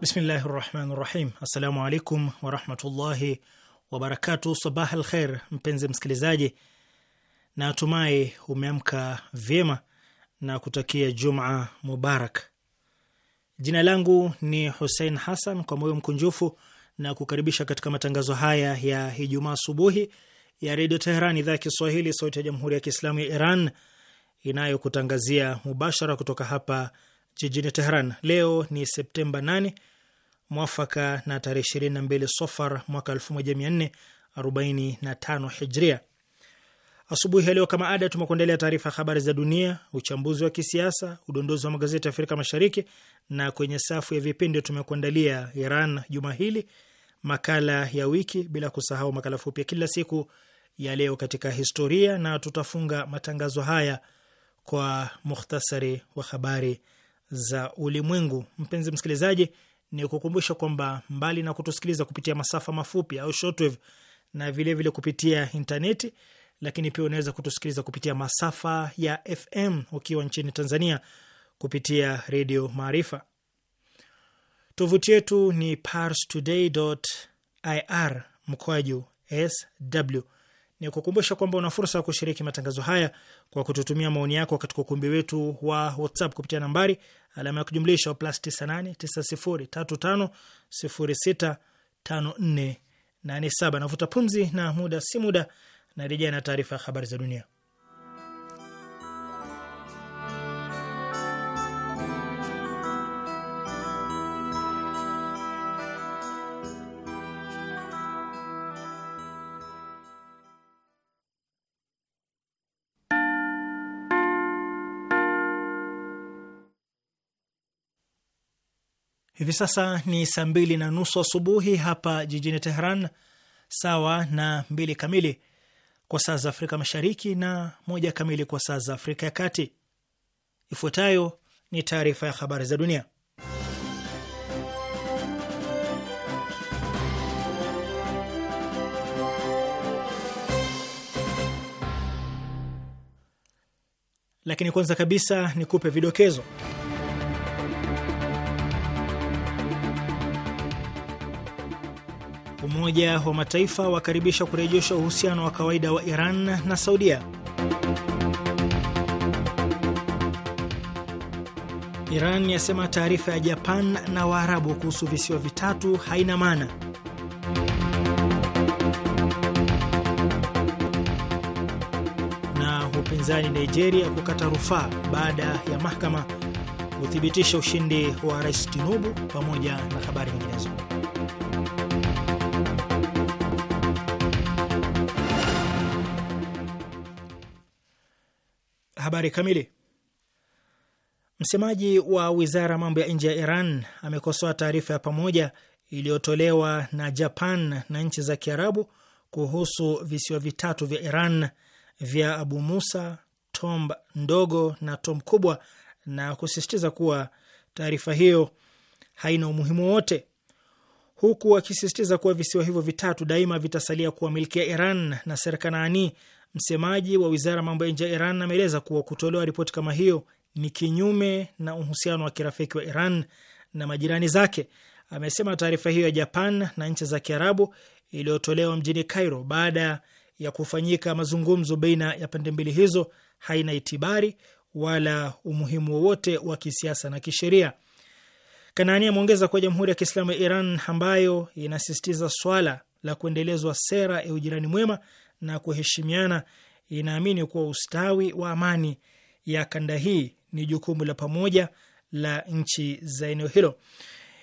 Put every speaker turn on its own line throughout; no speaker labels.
Bismillahi rahmani rahim. Assalamu alaikum warahmatullahi wabarakatu. Sabah al kheir, mpenzi msikilizaji, na umeamka vyema na kutakia juma mubarak. Jina langu ni Husein Hasan, kwa moyo mkunjufu na kukaribisha katika matangazo haya ya Ijumaa asubuhi ya Redio Teheran, idhaa ya Kiswahili, sauti ya Jamhuri ya Kiislamu ya Iran inayokutangazia mubashara kutoka hapa jijini Teheran. Leo ni Septemba 8 mwafaka na tarehe 22 Sofar mwaka 1445 Hijria. Asubuhi ya leo kama ada, tumekuandalia taarifa ya habari za dunia, uchambuzi wa kisiasa, udondozi wa magazeti ya Afrika Mashariki, na kwenye safu ya vipindi tumekuandalia Iran juma hili, makala ya wiki, bila kusahau makala fupi ya kila siku ya leo katika historia, na tutafunga matangazo haya kwa mukhtasari wa habari za ulimwengu. Mpenzi msikilizaji, ni kukumbusha kwamba mbali na kutusikiliza kupitia masafa mafupi au shortwave na vilevile vile kupitia intaneti, lakini pia unaweza kutusikiliza kupitia masafa ya FM ukiwa nchini Tanzania kupitia Redio Maarifa. Tovuti yetu ni parstoday.ir mkoaju sw. Ni kukumbusha kwamba una fursa ya kushiriki matangazo haya kwa kututumia maoni yako katika ukumbi wetu wa WhatsApp kupitia nambari alama ya kujumlisha plus 98 90 35 065487. Navuta pumzi na muda si muda na rejea na taarifa ya habari za dunia. Hivi sasa ni saa mbili na nusu asubuhi hapa jijini Tehran, sawa na mbili kamili kwa saa za Afrika Mashariki na moja kamili kwa saa za Afrika ya Kati. Ifuatayo ni taarifa ya habari za dunia, lakini kwanza kabisa nikupe vidokezo Umoja wa Mataifa wakaribisha kurejesha uhusiano wa kawaida wa Iran na Saudia. Iran yasema taarifa ya Japan na Waarabu kuhusu visiwa vitatu haina maana. Na upinzani Nigeria kukata rufaa baada ya mahakama kuthibitisha ushindi wa Rais Tinubu pamoja na habari nyinginezo. Habari kamili. Msemaji wa wizara ya mambo ya nje ya Iran amekosoa taarifa ya pamoja iliyotolewa na Japan na nchi za Kiarabu kuhusu visiwa vitatu vya Iran vya Abu Musa, Tom ndogo na Tom kubwa, na kusisitiza kuwa taarifa hiyo haina umuhimu wowote, huku akisisitiza kuwa visiwa hivyo vitatu daima vitasalia kuwa milki ya Iran na Serkanani Msemaji wa wizara mambo ya nje ya Iran ameeleza kuwa kutolewa ripoti kama hiyo ni kinyume na uhusiano wa kirafiki wa Iran na majirani zake. Amesema taarifa hiyo ya Japan na nchi za Kiarabu iliyotolewa mjini Cairo baada ya kufanyika mazungumzo baina ya pande mbili hizo haina itibari wala umuhimu wowote wa kisiasa na kisheria. Kanaani ameongeza kuwa Jamhuri ya Kiislamu ya Iran ambayo inasisitiza swala la kuendelezwa sera ya ujirani mwema na kuheshimiana, inaamini kuwa ustawi wa amani ya kanda hii ni jukumu la pamoja la nchi za eneo hilo.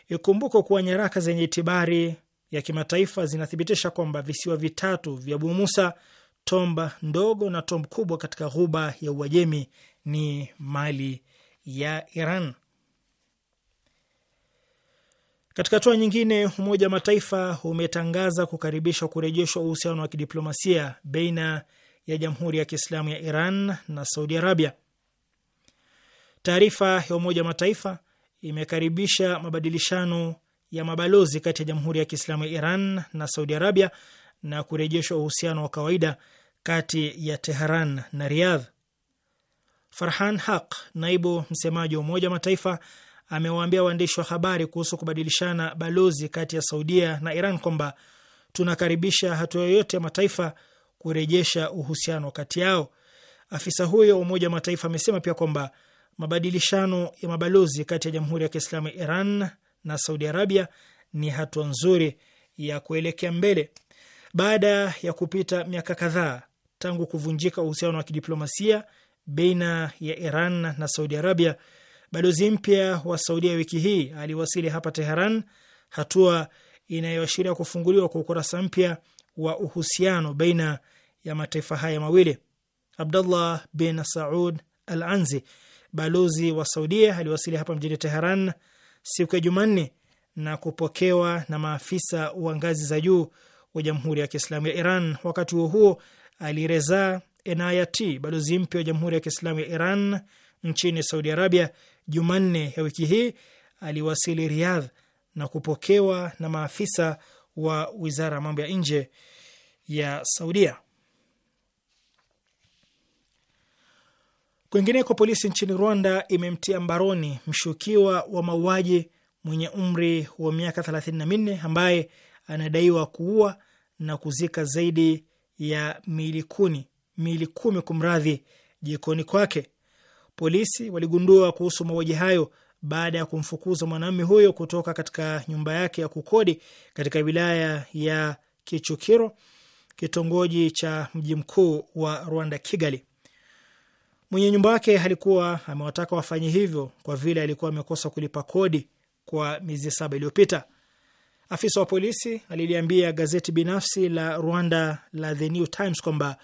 ikumbuko kuwa nyaraka zenye itibari ya kimataifa zinathibitisha kwamba visiwa vitatu vya Bumusa, Tomba ndogo na tomb kubwa katika ghuba ya Uajemi ni mali ya Iran. Katika hatua nyingine, Umoja wa Mataifa umetangaza kukaribisha kurejeshwa uhusiano wa kidiplomasia baina ya Jamhuri ya Kiislamu ya Iran na Saudi Arabia. Taarifa ya Umoja wa Mataifa imekaribisha mabadilishano ya mabalozi kati ya Jamhuri ya Kiislamu ya Iran na Saudi Arabia na kurejeshwa uhusiano wa kawaida kati ya Teheran na Riyadh. Farhan Haq, naibu msemaji wa Umoja wa Mataifa, amewaambia waandishi wa habari kuhusu kubadilishana balozi kati ya Saudia na Iran kwamba tunakaribisha hatua yoyote ya mataifa kurejesha uhusiano kati yao. Afisa huyo wa Umoja wa Mataifa amesema pia kwamba mabadilishano ya mabalozi kati ya Jamhuri ya Kiislamu Iran na Saudi Arabia ni hatua nzuri ya kuelekea mbele baada ya kupita miaka kadhaa tangu kuvunjika uhusiano wa kidiplomasia baina ya Iran na Saudi Arabia. Balozi mpya wa Saudia wiki hii aliwasili hapa Teheran, hatua inayoashiria kufunguliwa kwa ukurasa mpya wa uhusiano baina ya mataifa haya mawili. Abdullah bin Saud Al Anzi, balozi wa Saudia, aliwasili hapa mjini Teheran siku ya Jumanne na kupokewa na maafisa wa ngazi za juu wa Jamhuri ya Kiislamu ya Iran. Wakati huo huo, Alireza Enayati, balozi mpya wa Jamhuri ya Kiislamu ya Iran nchini Saudi Arabia Jumanne ya wiki hii aliwasili Riyadh na kupokewa na maafisa wa wizara ya mambo ya nje ya Saudia. Kwingineko, polisi nchini Rwanda imemtia mbaroni mshukiwa wa mauaji mwenye umri wa miaka thelathini na minne ambaye anadaiwa kuua na kuzika zaidi ya miili kumi kumradhi jikoni kwake. Polisi waligundua kuhusu mauaji hayo baada ya kumfukuza mwanamume huyo kutoka katika nyumba yake ya kukodi katika wilaya ya Kichukiro, kitongoji cha mji mkuu wa Rwanda, Kigali. Mwenye nyumba wake alikuwa amewataka wafanye hivyo kwa vile alikuwa amekosa kulipa kodi kwa miezi saba iliyopita. Afisa wa polisi aliliambia gazeti binafsi la Rwanda la The New Times kwamba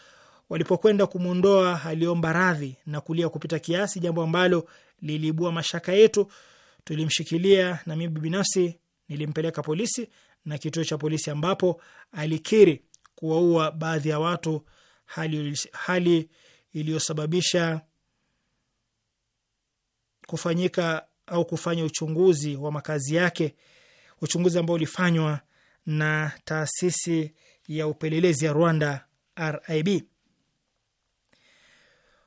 Walipokwenda kumwondoa aliomba radhi na kulia kupita kiasi, jambo ambalo liliibua mashaka yetu. Tulimshikilia na mimi binafsi nilimpeleka polisi na kituo cha polisi, ambapo alikiri kuwaua baadhi ya watu, hali, hali iliyosababisha kufanyika au kufanya uchunguzi wa makazi yake, uchunguzi ambao ulifanywa na taasisi ya upelelezi ya Rwanda RIB.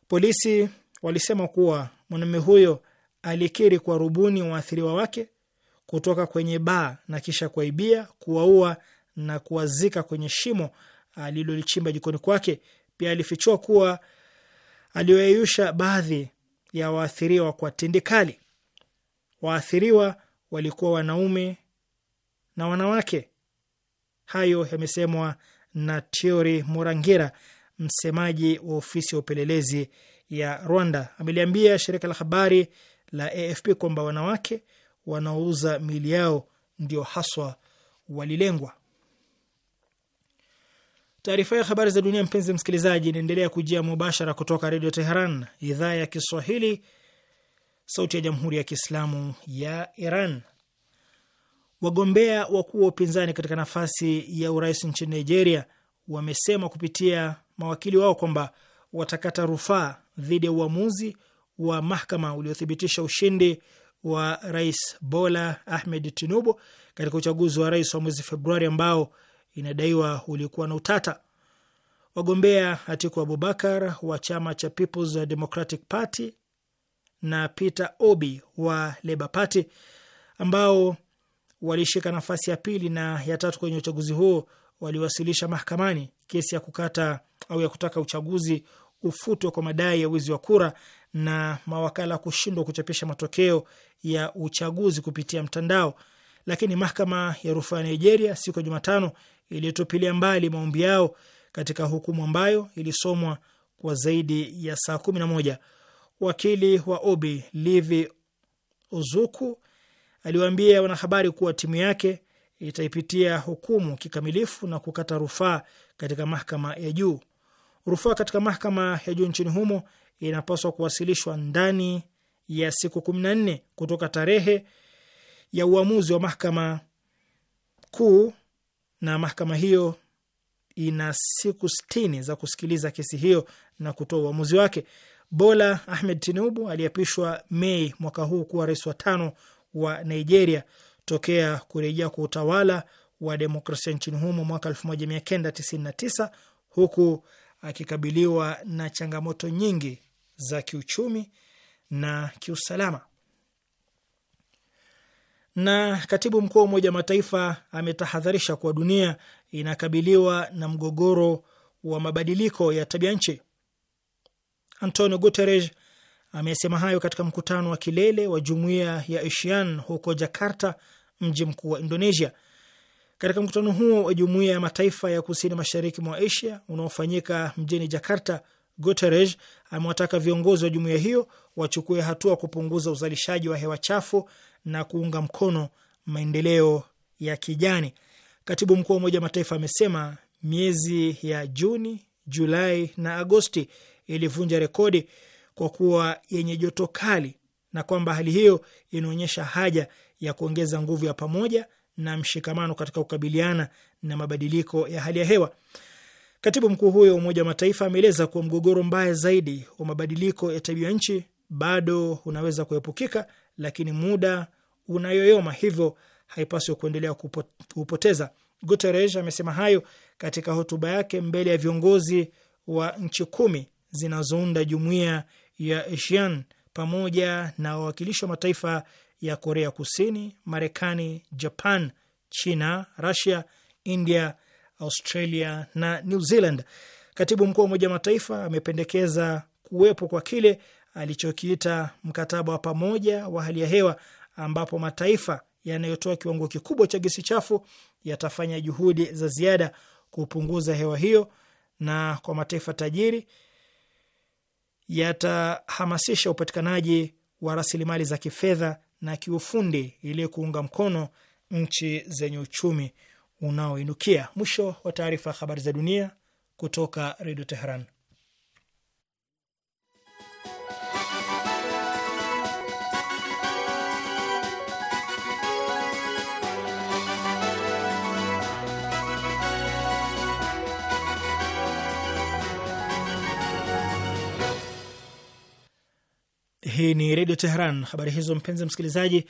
Polisi walisema kuwa mwanaume huyo alikiri kwa rubuni waathiriwa wake kutoka kwenye baa na kisha kuaibia kuwaua na kuwazika kwenye shimo alilolichimba jikoni kwake. Pia alifichua kuwa aliwayeyusha baadhi ya waathiriwa kwa tindikali. Waathiriwa walikuwa wanaume na wanawake. Hayo yamesemwa na Tiori Morangira msemaji wa ofisi ya upelelezi ya Rwanda ameliambia shirika la habari la AFP kwamba wanawake wanaouza miili yao ndio haswa walilengwa. Taarifa ya habari za dunia, mpenzi msikilizaji, inaendelea kujia mubashara kutoka Redio Teheran, idhaa ya Kiswahili, sauti ya Jamhuri ya Kiislamu ya Iran. Wagombea wakuu wa upinzani katika nafasi ya urais nchini Nigeria wamesema kupitia mawakili wao kwamba watakata rufaa dhidi ya uamuzi wa mahakama uliothibitisha ushindi wa Rais Bola Ahmed Tinubu katika uchaguzi wa rais wa mwezi Februari ambao inadaiwa ulikuwa na utata. Wagombea Atiku Abubakar wa chama cha Peoples Democratic Party na Peter Obi wa Labour Party ambao walishika nafasi ya pili na ya tatu kwenye uchaguzi huo waliwasilisha mahakamani kesi ya kukata au ya kutaka uchaguzi ufutwe kwa madai ya wizi wa kura na mawakala kushindwa kuchapisha matokeo ya uchaguzi kupitia mtandao. Lakini mahakama ya rufaa ya Nigeria siku ya Jumatano iliyotupilia mbali maombi yao katika hukumu ambayo ilisomwa kwa zaidi ya saa kumi na moja. Wakili wa Obi Livi Ozuku aliwaambia wanahabari kuwa timu yake itaipitia hukumu kikamilifu na kukata rufaa katika mahakama ya juu. Rufaa katika mahakama ya juu nchini humo inapaswa kuwasilishwa ndani ya siku kumi na nne kutoka tarehe ya uamuzi wa mahakama kuu, na mahakama hiyo ina siku sitini za kusikiliza kesi hiyo na kutoa uamuzi wake. Bola Ahmed Tinubu aliapishwa Mei mwaka huu kuwa rais wa tano wa Nigeria tokea kurejea kwa utawala wa demokrasia nchini humo mwaka 1999 huku akikabiliwa na changamoto nyingi za kiuchumi na kiusalama. Na katibu mkuu wa Umoja wa Mataifa ametahadharisha kuwa dunia inakabiliwa na mgogoro wa mabadiliko ya tabia nchi. Antonio Guterres amesema hayo katika mkutano wa kilele wa jumuiya ya ASEAN huko Jakarta, mji mkuu wa Indonesia. Katika mkutano huo wa Jumuiya ya Mataifa ya Kusini Mashariki mwa Asia unaofanyika mjini Jakarta, Guterres amewataka viongozi wa jumuiya hiyo wachukue hatua kupunguza uzalishaji wa hewa chafu na kuunga mkono maendeleo ya kijani. Katibu mkuu wa Umoja wa Mataifa amesema miezi ya Juni, Julai na Agosti ilivunja rekodi kwa kuwa yenye joto kali na kwamba hali hiyo inaonyesha haja ya kuongeza nguvu ya pamoja na mshikamano katika kukabiliana na mabadiliko ya hali ya hewa. Katibu mkuu huyo wa Umoja wa Mataifa ameeleza kuwa mgogoro mbaya zaidi wa mabadiliko ya tabia nchi bado unaweza kuepukika, lakini muda unayoyoma, hivyo haipaswi kuendelea kupoteza. Guterres amesema hayo katika hotuba yake mbele ya viongozi wa nchi kumi zinazounda jumuiya ya ASEAN pamoja na wawakilishi wa mataifa ya Korea Kusini, Marekani, Japan, China, Rusia, India, Australia na New Zealand. Katibu mkuu wa Umoja wa Mataifa amependekeza kuwepo kwa kile alichokiita mkataba wa pamoja wa hali ya hewa, ambapo mataifa yanayotoa kiwango kikubwa cha gesi chafu yatafanya juhudi za ziada kupunguza hewa hiyo, na kwa mataifa tajiri yatahamasisha upatikanaji wa rasilimali za kifedha na kiufundi ili kuunga mkono nchi zenye uchumi unaoinukia. Mwisho wa taarifa ya habari za dunia kutoka Redio Teheran. Hii ni Redio teheran Habari hizo mpenzi msikilizaji,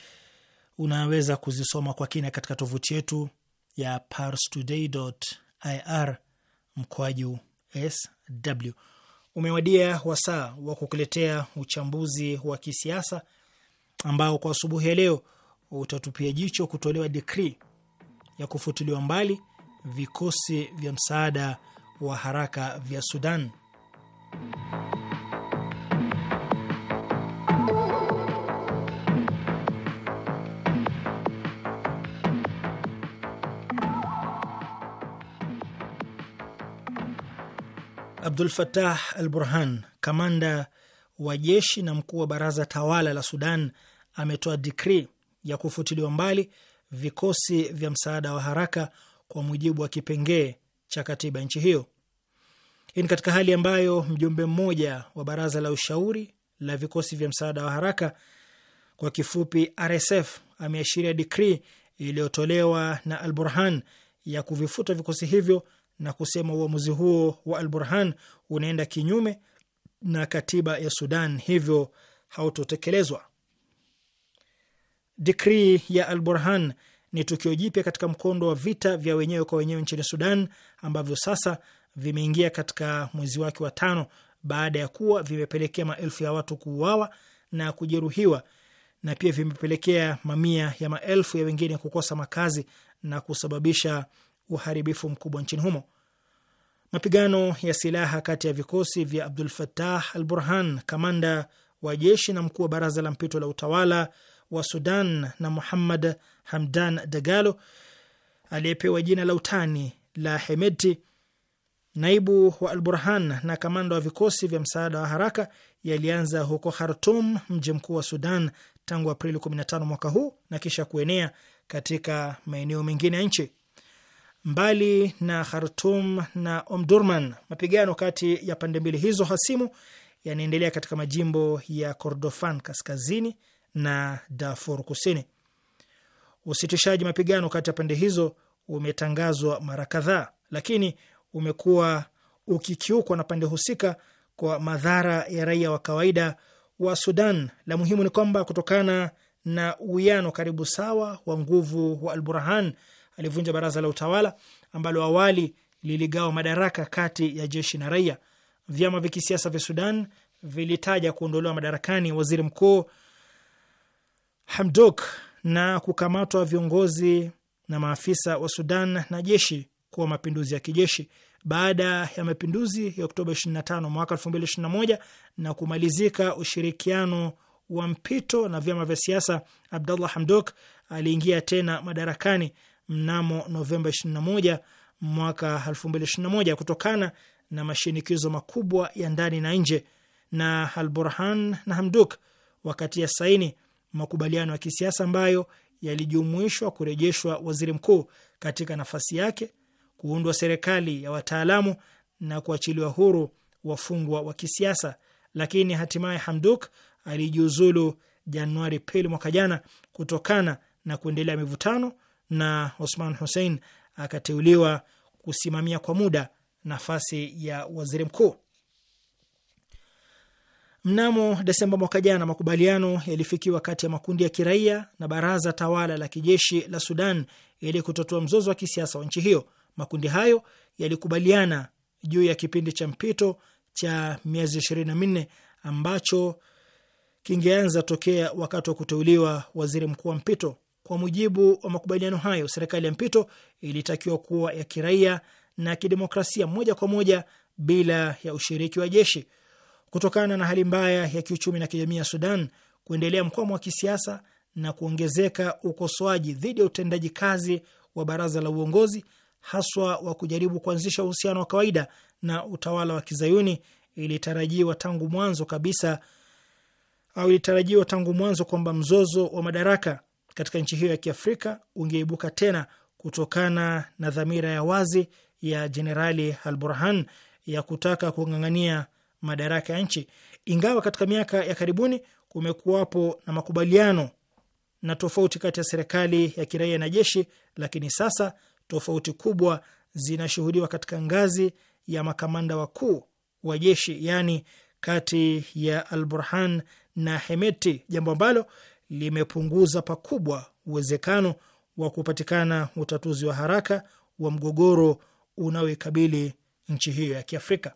unaweza kuzisoma kwa kina katika tovuti yetu ya parstoday.ir mkoaju sw. Umewadia wasaa wa kukuletea uchambuzi wa kisiasa ambao kwa asubuhi ya leo utatupia jicho kutolewa dikrii ya kufutiliwa mbali vikosi vya msaada wa haraka vya Sudan. Abdul Fatah al Burhan, kamanda wa jeshi na mkuu wa baraza tawala la Sudan, ametoa dikri ya kufutiliwa mbali vikosi vya msaada wa haraka kwa mujibu wa kipengee cha katiba nchi hiyo. Hii ni katika hali ambayo mjumbe mmoja wa baraza la ushauri la vikosi vya msaada wa haraka kwa kifupi RSF ameashiria dikri iliyotolewa na Al Burhan ya kuvifuta vikosi hivyo na kusema uamuzi huo wa Al Burhan unaenda kinyume na katiba ya Sudan, hivyo hautotekelezwa. Dikri ya Al Burhan ni tukio jipya katika mkondo wa vita vya wenyewe kwa wenyewe nchini Sudan ambavyo sasa vimeingia katika mwezi wake wa tano baada ya kuwa vimepelekea maelfu ya watu kuuawa na kujeruhiwa na pia vimepelekea mamia ya maelfu ya wengine kukosa makazi na kusababisha uharibifu mkubwa nchini humo. Mapigano ya silaha kati ya vikosi vya Abdul fatah al Burhan, kamanda wa jeshi na mkuu wa baraza la mpito la utawala wa Sudan, na Muhammad Hamdan Dagalo aliyepewa jina la utani la Hemeti, naibu wa al Burhan na kamanda wa vikosi vya msaada wa haraka yalianza huko Khartum, mji mkuu wa Sudan, tangu Aprili 15 mwaka huu na kisha kuenea katika maeneo mengine ya nchi. Mbali na Khartum na Omdurman, mapigano kati ya pande mbili hizo hasimu yanaendelea katika majimbo ya Kordofan kaskazini na Darfur kusini. Usitishaji mapigano kati ya pande hizo umetangazwa mara kadhaa, lakini umekuwa ukikiukwa na pande husika kwa madhara ya raia wa kawaida wa Sudan. La muhimu ni kwamba kutokana na uwiano karibu sawa wa nguvu wa Al Burhan alivunja baraza la utawala ambalo awali liligawa madaraka kati ya jeshi na raia. Vyama vya kisiasa vya Sudan vilitaja kuondolewa madarakani waziri mkuu Hamdok na kukamatwa viongozi na maafisa wa Sudan na jeshi kuwa mapinduzi ya kijeshi. Baada ya mapinduzi ya Oktoba 25 mwaka 2021 na kumalizika ushirikiano wa mpito na vyama vya siasa, Abdallah Hamdok aliingia tena madarakani mnamo Novemba 21 mwaka 2021 kutokana na mashinikizo makubwa ya ndani na nje, na Alburhan na Hamduk wakati ya saini makubaliano ya kisiasa ambayo yalijumuishwa kurejeshwa waziri mkuu katika nafasi yake, kuundwa serikali ya wataalamu na kuachiliwa huru wafungwa wa kisiasa. Lakini hatimaye Hamduk alijiuzulu Januari pili mwaka jana kutokana na kuendelea mivutano na Osman Hussein akateuliwa kusimamia kwa muda nafasi ya waziri mkuu. Mnamo Desemba mwaka jana, makubaliano yalifikiwa kati ya makundi ya kiraia na baraza tawala la kijeshi la Sudan ili kutatua mzozo wa kisiasa wa nchi hiyo. Makundi hayo yalikubaliana juu ya kipindi cha mpito cha miezi ishirini na minne ambacho kingeanza tokea wakati wa kuteuliwa waziri mkuu wa mpito. Kwa mujibu wa makubaliano hayo, serikali ya mpito ilitakiwa kuwa ya kiraia na kidemokrasia moja kwa moja bila ya ushiriki wa jeshi. Kutokana na hali mbaya ya kiuchumi na kijamii ya Sudan, kuendelea mkwamo wa kisiasa na kuongezeka ukosoaji dhidi ya utendaji kazi wa baraza la uongozi, haswa wa kujaribu kuanzisha uhusiano wa kawaida na utawala wa Kizayuni, ilitarajiwa tangu mwanzo kabisa au ilitarajiwa tangu mwanzo kwamba mzozo wa madaraka katika nchi hiyo ya Kiafrika ungeibuka tena kutokana na dhamira ya wazi ya Jenerali Al Burhan ya kutaka kung'ang'ania madaraka ya nchi, ingawa katika miaka ya karibuni kumekuwapo na makubaliano na tofauti kati ya serikali ya kiraia na jeshi, lakini sasa tofauti kubwa zinashuhudiwa katika ngazi ya makamanda wakuu wa jeshi, yaani kati ya Al Burhan na Hemeti, jambo ambalo limepunguza pakubwa uwezekano wa kupatikana utatuzi wa haraka wa mgogoro unaoikabili nchi hiyo ya Kiafrika.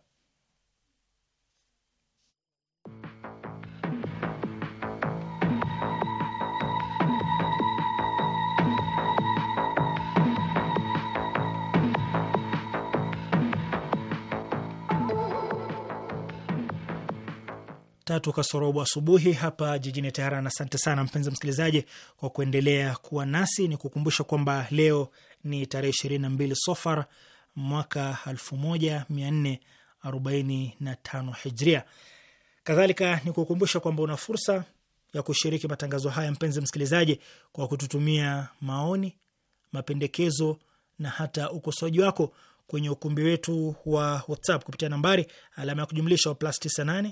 tatu kasorobo asubuhi hapa jijini Teheran. Asante sana mpenzi msikilizaji kwa kuendelea kuwa nasi. Ni kukumbusha kwamba leo ni tarehe ishirini na mbili Sofar mwaka elfu moja mia nne arobaini na tano Hijria. Kadhalika ni kukumbusha kwamba una fursa ya kushiriki matangazo haya mpenzi msikilizaji, kwa kututumia maoni, mapendekezo na hata ukosoaji wako kwenye ukumbi wetu wa WhatsApp kupitia nambari alama ya kujumlisha wa plus 98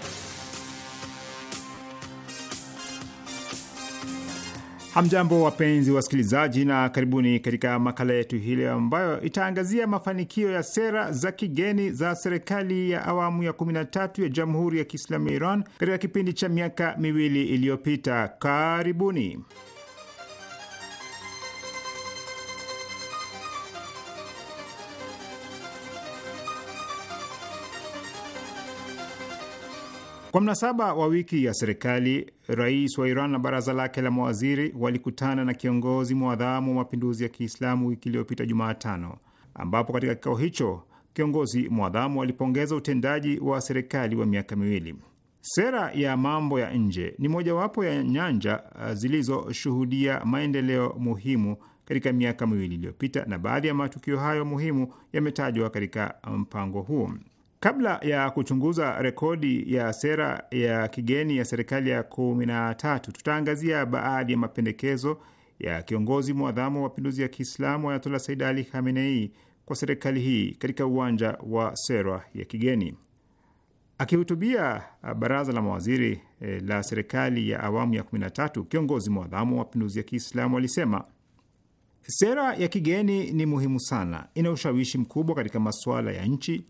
Hamjambo, wapenzi wasikilizaji, na karibuni katika makala yetu hii leo ambayo itaangazia mafanikio ya sera za kigeni za serikali ya awamu ya 13 ya Jamhuri ya Kiislamu ya Iran katika kipindi cha miaka miwili iliyopita. Karibuni. Kwa mnasaba wa wiki ya serikali, rais wa Iran na baraza lake la mawaziri walikutana na kiongozi mwadhamu wa mapinduzi ya Kiislamu wiki iliyopita Jumatano, ambapo katika kikao hicho kiongozi mwadhamu alipongeza utendaji wa serikali wa miaka miwili. Sera ya mambo ya nje ni mojawapo ya nyanja uh, zilizoshuhudia maendeleo muhimu katika miaka miwili iliyopita, na baadhi ya matukio hayo muhimu yametajwa katika mpango huo. Kabla ya kuchunguza rekodi ya sera ya kigeni ya serikali ya kumi na tatu, tutaangazia baadhi ya mapendekezo ya kiongozi mwadhamu wa mapinduzi ya Kiislamu Ayatola Said Ali Khamenei kwa serikali hii katika uwanja wa sera ya kigeni. Akihutubia baraza la mawaziri eh, la serikali ya awamu ya tatu, kiongozi mwadhamu wa mapinduzi ya Kiislamu alisema sera ya kigeni ni muhimu sana, ina ushawishi mkubwa katika masuala ya nchi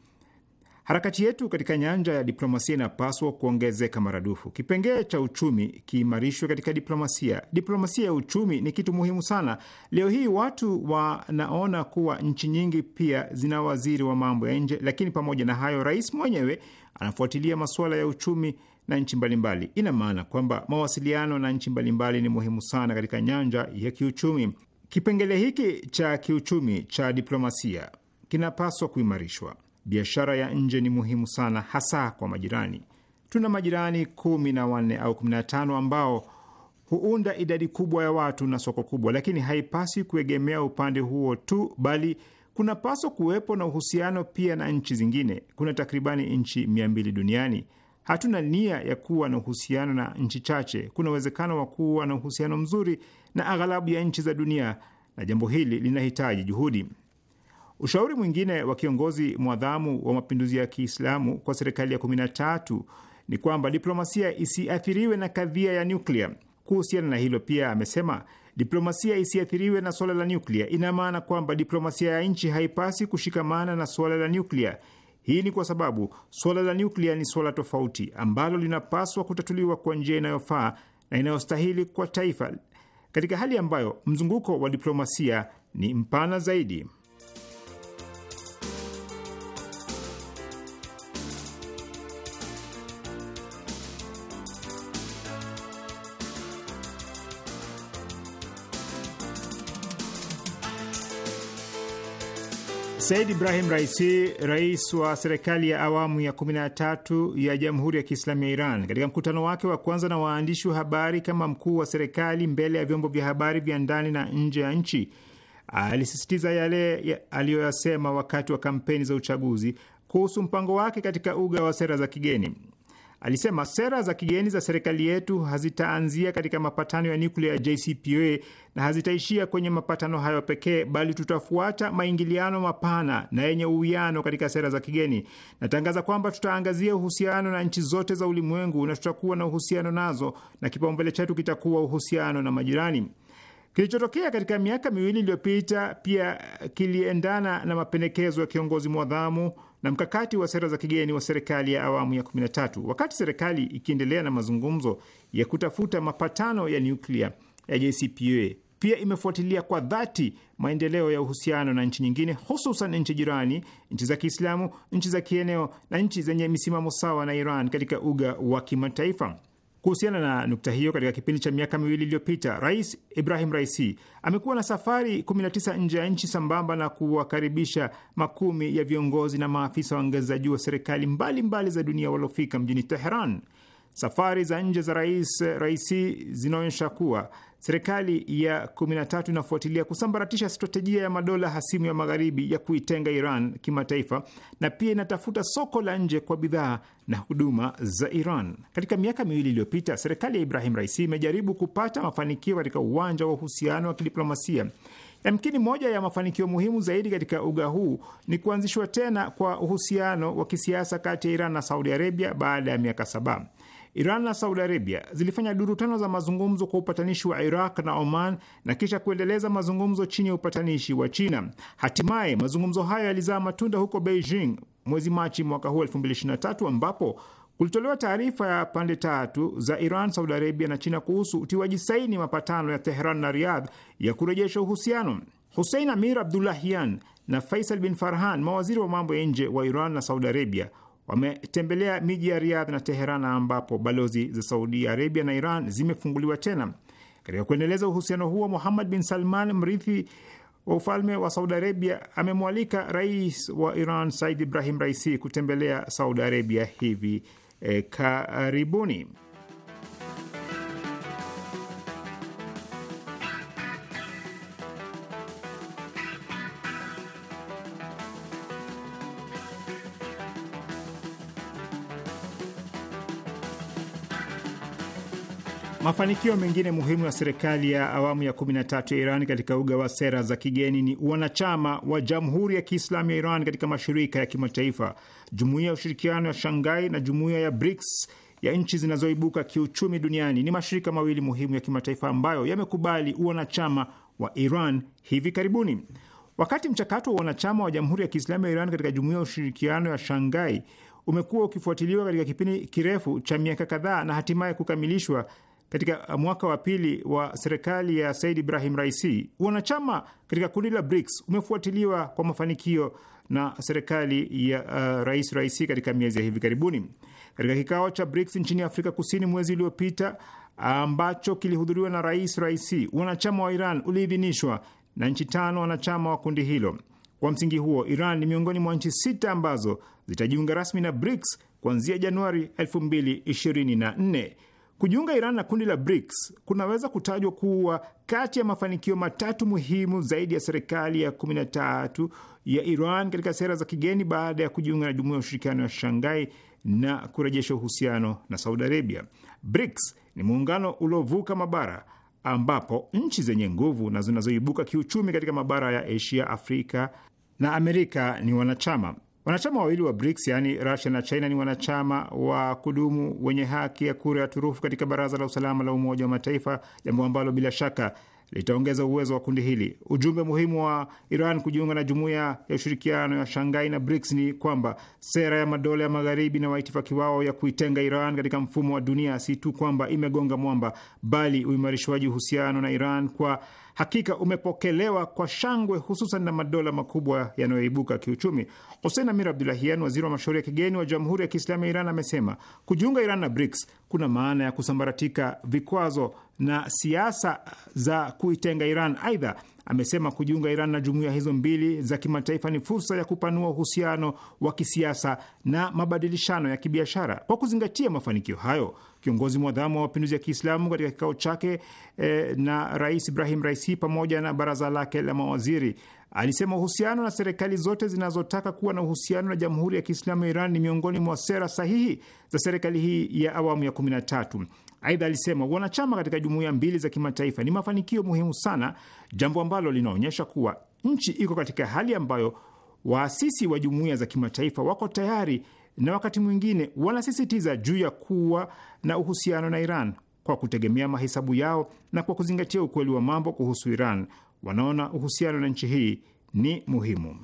Harakati yetu katika nyanja ya diplomasia inapaswa kuongezeka maradufu. Kipengee cha uchumi kiimarishwe katika diplomasia. Diplomasia ya uchumi ni kitu muhimu sana. Leo hii watu wanaona kuwa nchi nyingi pia zina waziri wa mambo ya nje, lakini pamoja na hayo, rais mwenyewe anafuatilia masuala ya uchumi na nchi mbalimbali. Ina maana kwamba mawasiliano na nchi mbalimbali ni muhimu sana katika nyanja ya kiuchumi. Kipengele hiki cha kiuchumi cha diplomasia kinapaswa kuimarishwa biashara ya nje ni muhimu sana, hasa kwa majirani. Tuna majirani kumi na wanne au kumi na tano ambao huunda idadi kubwa ya watu na soko kubwa, lakini haipaswi kuegemea upande huo tu, bali kunapaswa kuwepo na uhusiano pia na nchi zingine. Kuna takribani nchi mia mbili duniani. Hatuna nia ya kuwa na uhusiano na nchi chache. Kuna uwezekano wa kuwa na uhusiano mzuri na aghalabu ya nchi za dunia, na jambo hili linahitaji juhudi. Ushauri mwingine wa kiongozi mwadhamu wa mapinduzi ya Kiislamu kwa serikali ya kumi na tatu ni kwamba diplomasia isiathiriwe na kadhia ya nyuklia. Kuhusiana na hilo pia amesema diplomasia isiathiriwe na suala la nyuklia. Ina maana kwamba diplomasia ya nchi haipasi kushikamana na suala la nyuklia. Hii ni kwa sababu suala la nyuklia ni suala tofauti ambalo linapaswa kutatuliwa kwa njia inayofaa na inayostahili kwa taifa, katika hali ambayo mzunguko wa diplomasia ni mpana zaidi. Said Ibrahim Raisi, rais wa serikali ya awamu ya 13 ya Jamhuri ya Kiislamu ya Iran, katika mkutano wake wa kwanza na waandishi wa habari kama mkuu wa serikali mbele ya vyombo vya habari vya ndani na nje ya nchi, alisisitiza yale aliyoyasema wakati wa kampeni za uchaguzi kuhusu mpango wake katika uga wa sera za kigeni. Alisema sera za kigeni za serikali yetu hazitaanzia katika mapatano ya nyuklia ya JCPOA na hazitaishia kwenye mapatano hayo pekee, bali tutafuata maingiliano mapana na yenye uwiano katika sera za kigeni. Natangaza kwamba tutaangazia uhusiano na nchi zote za ulimwengu na tutakuwa na uhusiano nazo, na kipaumbele chetu kitakuwa uhusiano na majirani. Kilichotokea katika miaka miwili iliyopita pia kiliendana na mapendekezo ya kiongozi mwadhamu na mkakati wa sera za kigeni wa serikali ya awamu ya 13. Wakati serikali ikiendelea na mazungumzo ya kutafuta mapatano ya nyuklia ya JCPOA, pia imefuatilia kwa dhati maendeleo ya uhusiano na nchi nyingine, hususan nchi jirani, nchi za Kiislamu, nchi za kieneo na nchi zenye misimamo sawa na Iran katika uga wa kimataifa. Kuhusiana na nukta hiyo, katika kipindi cha miaka miwili iliyopita, Rais Ibrahim Raisi amekuwa na safari 19 nje ya nchi sambamba na kuwakaribisha makumi ya viongozi na maafisa wa ngazi za juu wa serikali mbalimbali mbali za dunia waliofika mjini Teheran. Safari za nje za Rais Raisi zinaonyesha kuwa serikali ya 13 inafuatilia kusambaratisha stratejia ya madola hasimu ya magharibi ya kuitenga Iran kimataifa na pia inatafuta soko la nje kwa bidhaa na huduma za Iran. Katika miaka miwili iliyopita, serikali ya Ibrahim Raisi imejaribu kupata mafanikio katika uwanja wa uhusiano wa kidiplomasia. Yamkini moja ya mafanikio muhimu zaidi katika uga huu ni kuanzishwa tena kwa uhusiano wa kisiasa kati ya Iran na Saudi Arabia baada ya miaka saba. Iran na Saudi Arabia zilifanya duru tano za mazungumzo kwa upatanishi wa Iraq na Oman na kisha kuendeleza mazungumzo chini ya upatanishi wa China. Hatimaye mazungumzo hayo yalizaa matunda huko Beijing mwezi Machi mwaka huu 2023 ambapo kulitolewa taarifa ya pande tatu za Iran, Saudi Arabia na China kuhusu utiwaji saini mapatano ya Teheran na Riyadh ya kurejesha uhusiano. husein Amir Abdullahian na Faisal bin Farhan, mawaziri wa mambo ya nje wa Iran na Saudi Arabia, wametembelea miji ya Riyadh na Teheran ambapo balozi za Saudi Arabia na Iran zimefunguliwa tena. Katika kuendeleza uhusiano huo, Muhammad bin Salman, mrithi wa ufalme wa Saudi Arabia, amemwalika rais wa Iran Said Ibrahim Raisi kutembelea Saudi Arabia hivi eh, karibuni. Mafanikio mengine muhimu ya serikali ya awamu ya 13 ya Iran katika uga wa sera za kigeni ni wanachama wa Jamhuri ya Kiislamu ya Iran katika mashirika ya kimataifa, Jumuiya ya Ushirikiano ya Shanghai na Jumuiya ya BRICS ya nchi zinazoibuka kiuchumi duniani. Ni mashirika mawili muhimu ya kimataifa ambayo yamekubali uwanachama wa Iran hivi karibuni. Wakati mchakato wa wanachama wa Jamhuri ya Kiislamu ya Iran katika Jumuiya ya Ushirikiano ya Shanghai umekuwa ukifuatiliwa katika kipindi kirefu cha miaka kadhaa na hatimaye kukamilishwa katika mwaka wa pili wa serikali ya Said Ibrahim Raisi, wanachama katika kundi la BRICS umefuatiliwa kwa mafanikio na serikali ya uh, Rais Raisi katika miezi ya hivi karibuni. Katika kikao cha BRICS nchini Afrika Kusini mwezi uliopita ambacho kilihudhuriwa na Rais Raisi, wanachama wa Iran uliidhinishwa na nchi tano wanachama wa kundi hilo. Kwa msingi huo, Iran ni miongoni mwa nchi sita ambazo zitajiunga rasmi na BRICS kuanzia Januari 2024. Kujiunga Iran na kundi la BRICS kunaweza kutajwa kuwa kati ya mafanikio matatu muhimu zaidi ya serikali ya kumi na tatu ya Iran katika sera za kigeni baada ya kujiunga na jumuiya ya ushirikiano ya Shanghai na kurejesha uhusiano na Saudi Arabia. BRICS ni muungano uliovuka mabara ambapo nchi zenye nguvu na zinazoibuka kiuchumi katika mabara ya Asia, Afrika na Amerika ni wanachama. Wanachama wawili wa BRICS yaani Rusia na China ni wanachama wa kudumu wenye haki ya kura ya turufu katika baraza la usalama la Umoja wa Mataifa, jambo ambalo bila shaka litaongeza uwezo wa kundi hili. Ujumbe muhimu wa Iran kujiunga na jumuiya ya ushirikiano ya shangai na BRICS ni kwamba sera ya madola ya magharibi na waitifaki wao ya kuitenga Iran katika mfumo wa dunia si tu kwamba imegonga mwamba, bali uimarishwaji uhusiano na Iran kwa hakika umepokelewa kwa shangwe, hususan na madola makubwa yanayoibuka kiuchumi. Hosen Amir Abdulahian, waziri wa mashauri ya kigeni wa Jamhuri ya Kiislamu ya Iran, amesema kujiunga Iran na BRICS kuna maana ya kusambaratika vikwazo na siasa za kuitenga Iran. Aidha, amesema kujiunga Iran na jumuiya hizo mbili za kimataifa ni fursa ya kupanua uhusiano wa kisiasa na mabadilishano ya kibiashara. Kwa kuzingatia mafanikio hayo, kiongozi mwadhamu wa mapinduzi ya Kiislamu katika kikao chake eh, na Rais Ibrahim Raisi pamoja na baraza lake la mawaziri Alisema uhusiano na serikali zote zinazotaka kuwa na uhusiano na Jamhuri ya Kiislamu ya Iran ni miongoni mwa sera sahihi za serikali hii ya awamu ya 13. Aidha, alisema wanachama katika jumuiya mbili za kimataifa ni mafanikio muhimu sana, jambo ambalo linaonyesha kuwa nchi iko katika hali ambayo waasisi wa jumuiya za kimataifa wako tayari na wakati mwingine wanasisitiza juu ya kuwa na uhusiano na Iran kwa kutegemea mahesabu yao na kwa kuzingatia ukweli wa mambo kuhusu Iran wanaona uhusiano na nchi hii ni muhimu.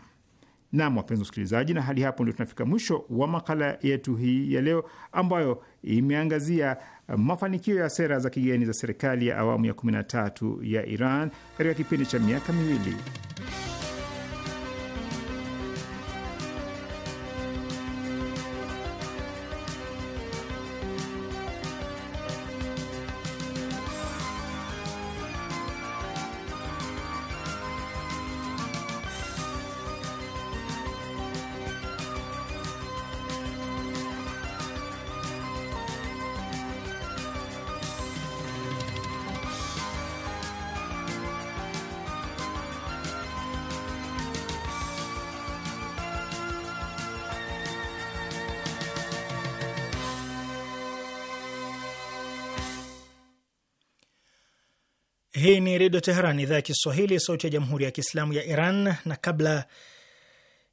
Nam, wapenzi wasikilizaji, na hadi hapo ndio tunafika mwisho wa makala yetu hii ya leo ambayo imeangazia mafanikio ya sera za kigeni za serikali ya awamu ya 13 ya Iran katika kipindi cha miaka miwili.
Redio Teheran, idhaa ya Kiswahili, sauti ya jamhuri ya kiislamu ya Iran. Na kabla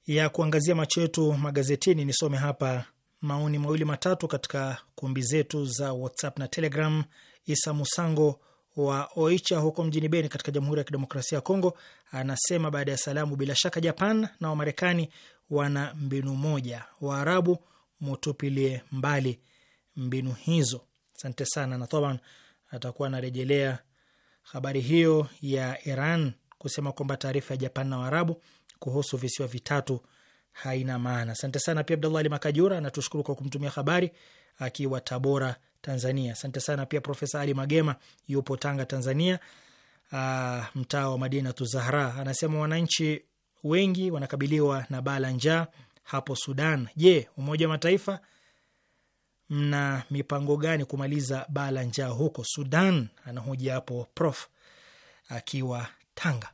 ya kuangazia macho yetu magazetini, nisome hapa maoni mawili matatu katika kumbi zetu za WhatsApp na Telegram. Isa Musango wa Oicha huko mjini Beni katika Jamhuri ya Kidemokrasia ya Kongo anasema, baada ya salamu, bila shaka Japan na Wamarekani wana mbinu moja, Waarabu mutupilie mbali mbinu hizo. Asante sana, na Thoban atakuwa anarejelea habari hiyo ya Iran kusema kwamba taarifa ya Japan na Waarabu kuhusu visiwa vitatu haina maana. Asante sana pia Abdallah Ali Makajura anatushukuru kwa kumtumia habari akiwa Tabora, Tanzania. Asante sana pia Profesa Ali Magema yupo Tanga, Tanzania, mtaa wa Madinatu Zahra, anasema wananchi wengi wanakabiliwa na baa la njaa hapo Sudan. Je, Umoja wa Mataifa mna mipango gani kumaliza baa la njaa huko Sudan? Anahoja hapo Prof akiwa Tanga.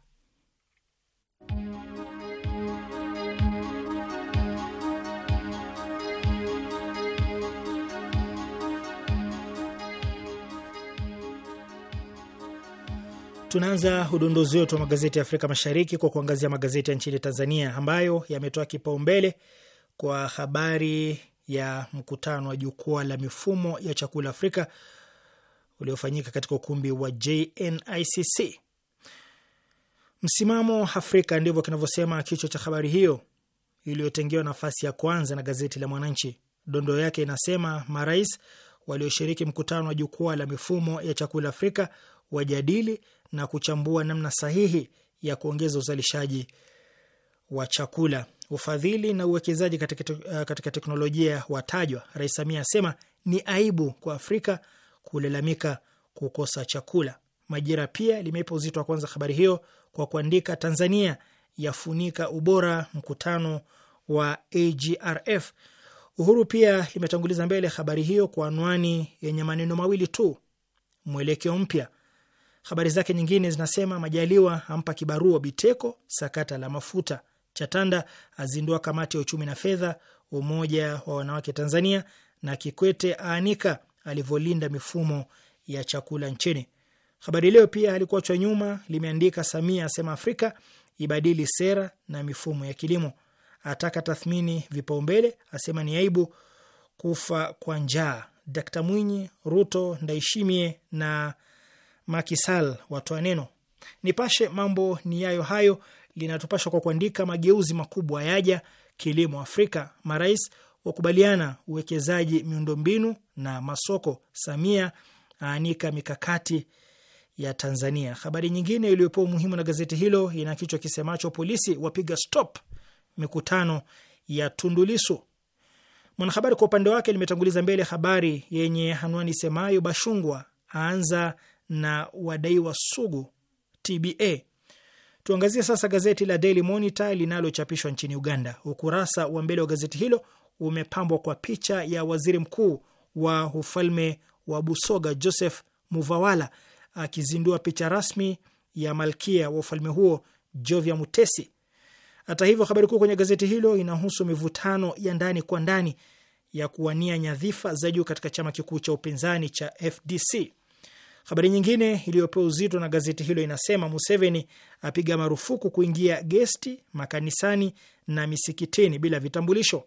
Tunaanza udondozi wetu wa magazeti ya Afrika Mashariki kwa kuangazia magazeti ya nchini Tanzania ambayo yametoa kipaumbele kwa habari ya mkutano wa jukwaa la mifumo ya chakula Afrika uliofanyika katika ukumbi wa JNICC. Msimamo Afrika, ndivyo kinavyosema kichwa cha habari hiyo iliyotengewa nafasi ya kwanza na gazeti la Mwananchi. Dondoo yake inasema marais walioshiriki mkutano wa jukwaa la mifumo ya chakula Afrika wajadili na kuchambua namna sahihi ya kuongeza uzalishaji wa chakula ufadhili na uwekezaji katika, uh, katika teknolojia watajwa. Rais Samia asema ni aibu kwa Afrika kulalamika kukosa chakula. Majira pia limeipa uzito wa kwanza habari hiyo kwa kuandika Tanzania yafunika ubora mkutano wa AGRF. Uhuru pia limetanguliza mbele habari hiyo kwa anwani yenye maneno mawili tu, mwelekeo mpya. Habari zake nyingine zinasema Majaliwa ampa kibarua Biteko, sakata la mafuta Chatanda azindua kamati ya uchumi na fedha umoja wa wanawake Tanzania, na Kikwete aanika alivyolinda mifumo ya chakula nchini. Habari Leo pia alikuachwa nyuma, limeandika Samia asema Afrika ibadili sera na mifumo ya kilimo, ataka tathmini vipaumbele, asema ni aibu kufa kwa njaa. Dkt Mwinyi, Ruto, Ndaishimie na Makisal watoa neno. Nipashe mambo ni yayo hayo linatupasha kwa kuandika mageuzi makubwa yaja kilimo Afrika, marais wakubaliana uwekezaji miundombinu na masoko, Samia aanika mikakati ya Tanzania. Habari nyingine iliyopewa umuhimu na gazeti hilo ina kichwa kisemacho polisi wapiga stop mikutano ya Tundulisu. Mwanahabari kwa upande wake limetanguliza mbele habari yenye anwani semayo Bashungwa aanza na wadaiwa sugu TBA Tuangazie sasa gazeti la Daily Monitor linalochapishwa nchini Uganda. Ukurasa wa mbele wa gazeti hilo umepambwa kwa picha ya waziri mkuu wa ufalme wa Busoga, Joseph Muvawala, akizindua picha rasmi ya malkia wa ufalme huo Jovia Mutesi. Hata hivyo, habari kuu kwenye gazeti hilo inahusu mivutano ya ndani kwa ndani ya kuwania nyadhifa za juu katika chama kikuu cha upinzani cha FDC. Habari nyingine iliyopewa uzito na gazeti hilo inasema Museveni apiga marufuku kuingia gesti makanisani na misikitini bila vitambulisho.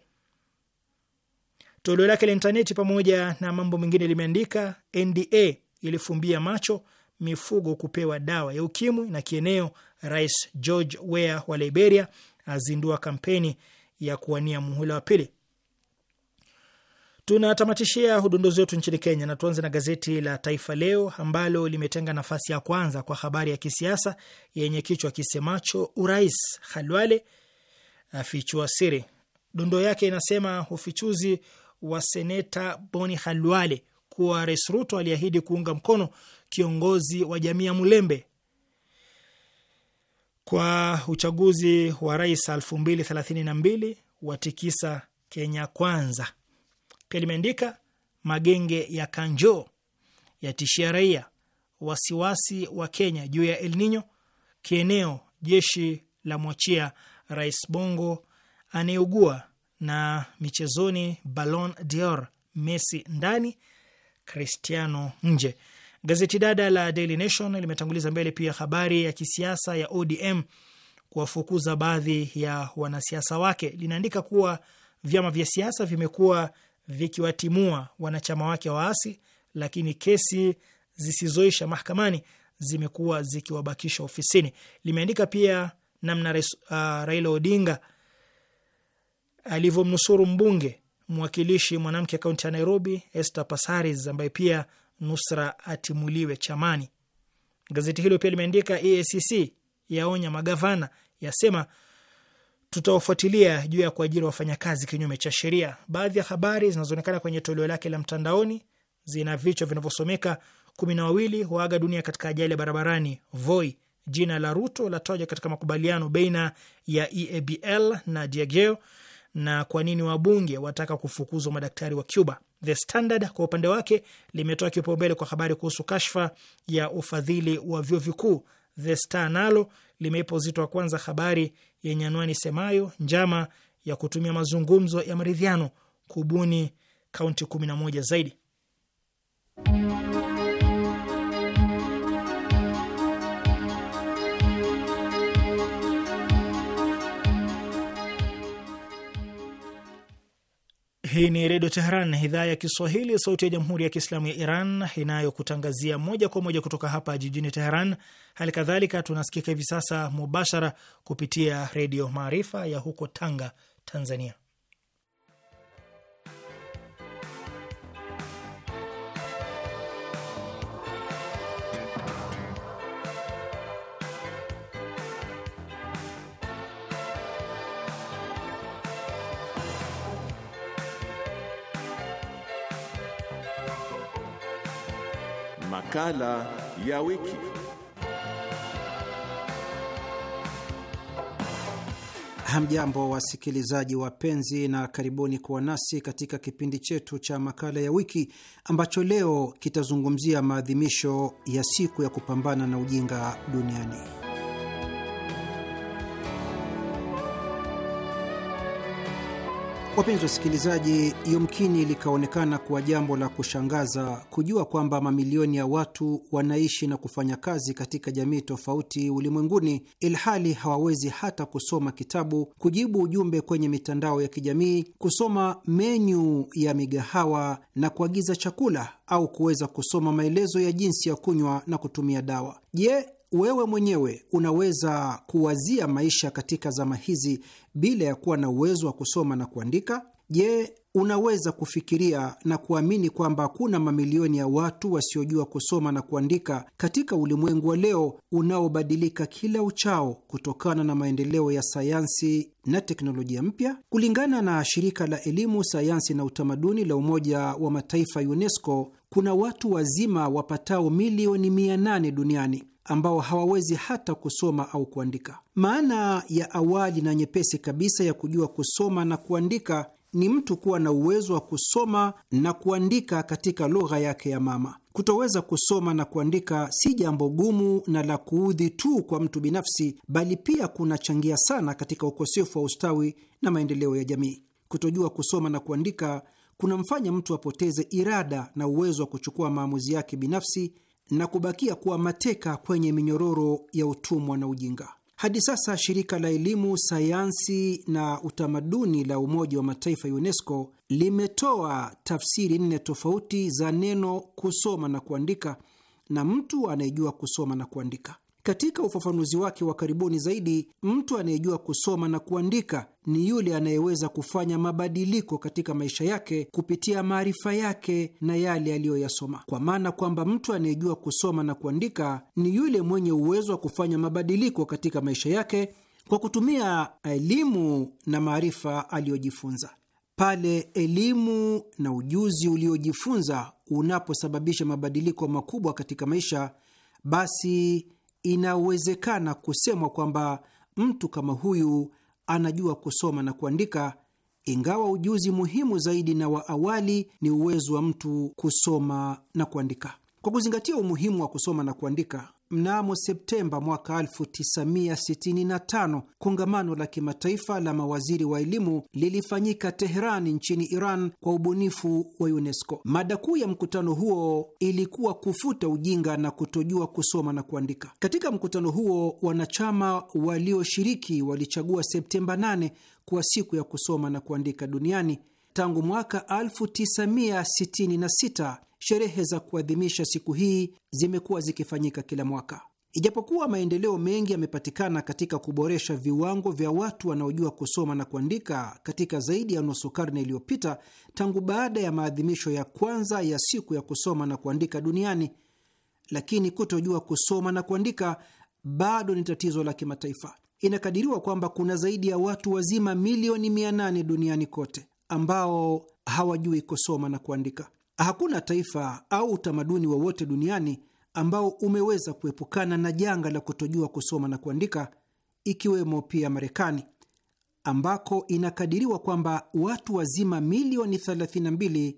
Toleo lake la intaneti pamoja na mambo mengine limeandika NDA ilifumbia macho mifugo kupewa dawa ya ukimwi, na kieneo, Rais George Weah wa Liberia azindua kampeni ya kuwania muhula wa pili. Tunatamatishia udondozi wetu nchini Kenya na tuanze na gazeti la Taifa Leo ambalo limetenga nafasi ya kwanza kwa habari ya kisiasa yenye kichwa kisemacho urais Khalwale afichua siri. dundo yake inasema ufichuzi wa seneta Boni Khalwale kuwa Rais Ruto aliahidi kuunga mkono kiongozi wa jamii ya Mulembe kwa uchaguzi wa rais elfu wa tikisa watikisa Kenya Kwanza. Pia limeandika magenge ya Kanjo yatishia raia, wasiwasi wa Kenya juu ya El Nino, kieneo jeshi la mwachia Rais Bongo anayeugua, na michezoni Ballon d'Or Messi ndani Cristiano nje. Gazeti dada la Daily Nation limetanguliza mbele pia habari ya kisiasa ya ODM kuwafukuza baadhi ya wanasiasa wake. Linaandika kuwa vyama vya siasa vimekuwa vikiwatimua wanachama wake waasi, lakini kesi zisizoisha mahakamani zimekuwa zikiwabakisha ofisini. Limeandika pia namna uh, Raila Odinga alivyomnusuru mbunge mwakilishi mwanamke kaunti ya Nairobi Esther Pasaris, ambaye pia nusra atimuliwe chamani. Gazeti hilo pia limeandika EACC yaonya magavana, yasema tutawafuatilia juu ya kuajiri wafanyakazi kinyume cha sheria. Baadhi ya habari zinazoonekana kwenye toleo lake la mtandaoni zina vichwa vinavyosomeka kumi na wawili waaga dunia katika ajali ya barabarani Voi, jina la Ruto toja katika makubaliano baina ya EABL na Diageo, na kwa nini wabunge wataka kufukuzwa madaktari wa Cuba. The Standard kwa upande wake limetoa kipaumbele kwa habari kuhusu kashfa ya ufadhili wa vyuo vikuu The Star nalo limeipa uzito wa kwanza habari yenye anwani semayo njama ya kutumia mazungumzo ya maridhiano kubuni kaunti kumi na moja zaidi. Hii ni Redio Tehran, idhaa ya Kiswahili, sauti ya Jamhuri ya Kiislamu ya Iran, inayokutangazia moja kwa moja kutoka hapa jijini Teheran. Hali kadhalika tunasikika hivi sasa mubashara kupitia Redio Maarifa ya huko Tanga, Tanzania.
Makala ya wiki. Hamjambo wasikilizaji wapenzi, na karibuni kuwa nasi katika kipindi chetu cha makala ya wiki ambacho leo kitazungumzia maadhimisho ya siku ya kupambana na ujinga duniani. Wapenzi wasikilizaji, yumkini likaonekana kuwa jambo la kushangaza kujua kwamba mamilioni ya watu wanaishi na kufanya kazi katika jamii tofauti ulimwenguni, ilhali hawawezi hata kusoma kitabu, kujibu ujumbe kwenye mitandao ya kijamii, kusoma menyu ya migahawa na kuagiza chakula, au kuweza kusoma maelezo ya jinsi ya kunywa na kutumia dawa. Je, wewe mwenyewe unaweza kuwazia maisha katika zama hizi bila ya kuwa na uwezo wa kusoma na kuandika? Je, unaweza kufikiria na kuamini kwamba kuna mamilioni ya watu wasiojua kusoma na kuandika katika ulimwengu wa leo unaobadilika kila uchao kutokana na maendeleo ya sayansi na teknolojia mpya? Kulingana na shirika la elimu, sayansi na utamaduni la Umoja wa Mataifa, UNESCO, kuna watu wazima wapatao milioni 8 duniani ambao hawawezi hata kusoma au kuandika. Maana ya awali na nyepesi kabisa ya kujua kusoma na kuandika ni mtu kuwa na uwezo wa kusoma na kuandika katika lugha yake ya mama. Kutoweza kusoma na kuandika si jambo gumu na la kuudhi tu kwa mtu binafsi, bali pia kunachangia sana katika ukosefu wa ustawi na maendeleo ya jamii. Kutojua kusoma na kuandika kunamfanya mtu apoteze irada na uwezo wa kuchukua maamuzi yake binafsi na kubakia kuwa mateka kwenye minyororo ya utumwa na ujinga. Hadi sasa shirika la elimu, sayansi na utamaduni la Umoja wa Mataifa UNESCO limetoa tafsiri nne tofauti za neno kusoma na kuandika, na mtu anayejua kusoma na kuandika katika ufafanuzi wake wa karibuni zaidi, mtu anayejua kusoma na kuandika ni yule anayeweza kufanya mabadiliko katika maisha yake kupitia maarifa yake na yale aliyoyasoma, kwa maana kwamba mtu anayejua kusoma na kuandika ni yule mwenye uwezo wa kufanya mabadiliko katika maisha yake kwa kutumia elimu na maarifa aliyojifunza. Pale elimu na ujuzi uliojifunza unaposababisha mabadiliko makubwa katika maisha, basi inawezekana kusemwa kwamba mtu kama huyu anajua kusoma na kuandika, ingawa ujuzi muhimu zaidi na wa awali ni uwezo wa mtu kusoma na kuandika. Kwa kuzingatia umuhimu wa kusoma na kuandika, mnamo Septemba mwaka 1965 kongamano la kimataifa la mawaziri wa elimu lilifanyika Teherani nchini Iran kwa ubunifu wa UNESCO. Mada kuu ya mkutano huo ilikuwa kufuta ujinga na kutojua kusoma na kuandika. Katika mkutano huo wanachama walioshiriki walichagua Septemba 8 kuwa siku ya kusoma na kuandika duniani. Tangu mwaka 1966 sherehe za kuadhimisha siku hii zimekuwa zikifanyika kila mwaka. Ijapokuwa maendeleo mengi yamepatikana katika kuboresha viwango vya watu wanaojua kusoma na kuandika katika zaidi ya nusu karne iliyopita tangu baada ya maadhimisho ya kwanza ya siku ya kusoma na kuandika duniani, lakini kutojua kusoma na kuandika bado ni tatizo la kimataifa. Inakadiriwa kwamba kuna zaidi ya watu wazima milioni 800 duniani kote ambao hawajui kusoma na kuandika. Hakuna taifa au utamaduni wowote duniani ambao umeweza kuepukana na janga la kutojua kusoma na kuandika, ikiwemo pia Marekani ambako inakadiriwa kwamba watu wazima milioni 32